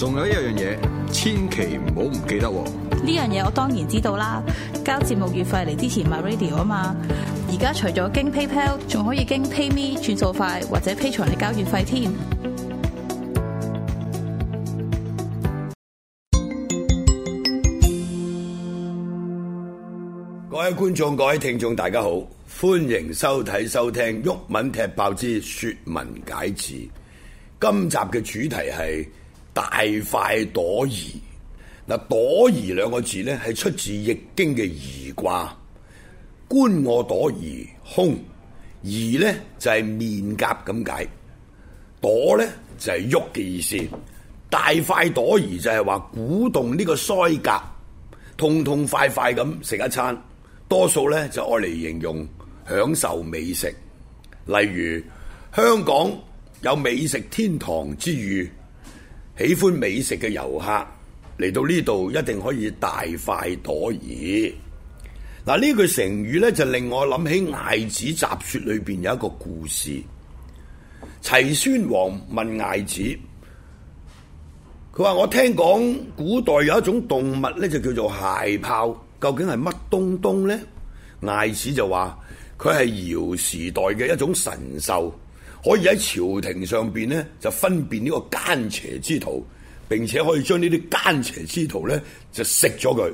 仲有一樣嘢，千祈唔好唔記得。呢樣嘢我當然知道啦，交節目月費嚟之前 MyRadio 啊嘛。而家除咗經 PayPal，仲可以經 PayMe 轉數快，或者 Patreon 嚟交月費添。各位觀眾、各位聽眾，大家好，歡迎收睇、收聽《毓民踢爆之說文解字》。今集嘅主題係。大快朵頤。嗱，朵頤兩個字呢係出自《易經》嘅頤卦。觀我朵頤，空頤呢就係、是、面頰咁解，朵呢就係喐嘅意思。大快朵頤就係話鼓動呢個腮頰，痛痛快快咁食一餐。多數呢就愛嚟形容享受美食，例如香港有美食天堂之譽。喜歡美食嘅遊客嚟到呢度，一定可以大快朵頤。嗱，呢句成語咧就令我諗起《艾子雜說》裏邊有一個故事。齊宣王問艾子，佢話我聽講古代有一種動物咧就叫做蟹豹，究竟係乜東東咧？艾子就話佢係堯時代嘅一種神獸。可以喺朝廷上邊咧就分辨呢個奸邪之徒，並且可以將呢啲奸邪之徒咧就食咗佢。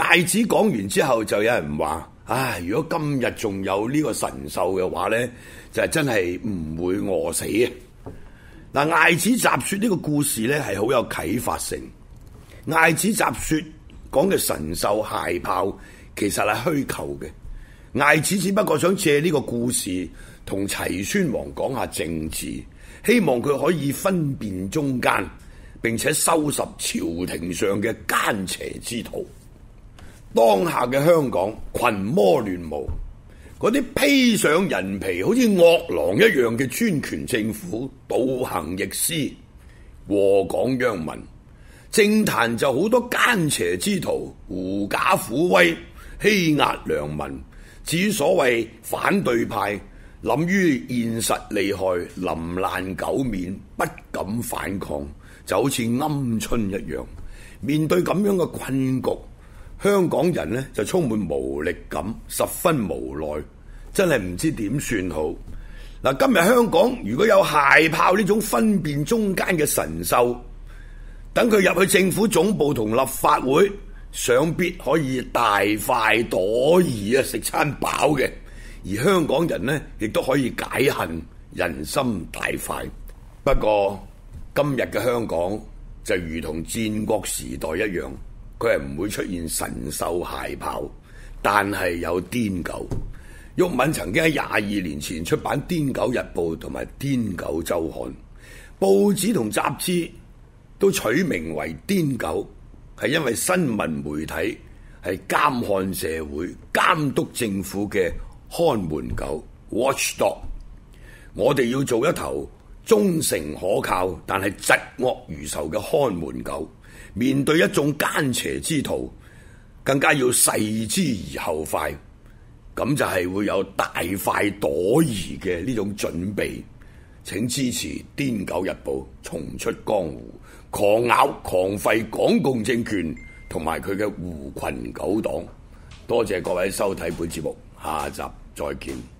艾子講完之後就有人話：唉，如果今日仲有呢個神獸嘅話咧，就真係唔會餓死啊！嗱，艾子雜說呢個故事咧係好有啟發性。艾子雜說講嘅神獸獬豸，其實係虛構嘅。艾子只不過想借呢個故事，同齊宣王講下政治，希望佢可以分辨中間，並且收拾朝廷上嘅奸邪之徒。當下嘅香港群魔亂舞，嗰啲披上人皮好似惡狼一樣嘅專權政府，倒行逆施，禍港殃民。政壇就好多奸邪之徒，狐假虎威，欺壓良民。至於所謂反對派。諗於現實厲害，臨難狗面，不敢反抗，就好似鵪鶉一樣。面對咁樣嘅困局，香港人呢就充滿無力感，十分無奈，真係唔知點算好。嗱，今日香港如果有械炮呢種分辨中間嘅神獸，等佢入去政府總部同立法會，想必可以大快朵頤啊，食餐飽嘅。而香港人呢，亦都可以解恨，人心大快。不過今日嘅香港就如同戰國時代一樣，佢係唔會出現神獸械炮，但係有癲狗。毓民曾經喺廿二年前出版《癲狗日報》同埋《癲狗周刊》，報紙同雜誌都取名為《癲狗》，係因為新聞媒體係監看社會、監督政府嘅。看門狗 Watchdog，我哋要做一頭忠誠可靠，但係疾惡如仇嘅看門狗。面對一眾奸邪之徒，更加要勢之而後快。咁就係會有大快朵頤嘅呢種準備。請支持《癲狗日報》重出江湖，狂咬狂吠，港共政權同埋佢嘅狐群狗黨。多謝各位收睇本節目。下集再見。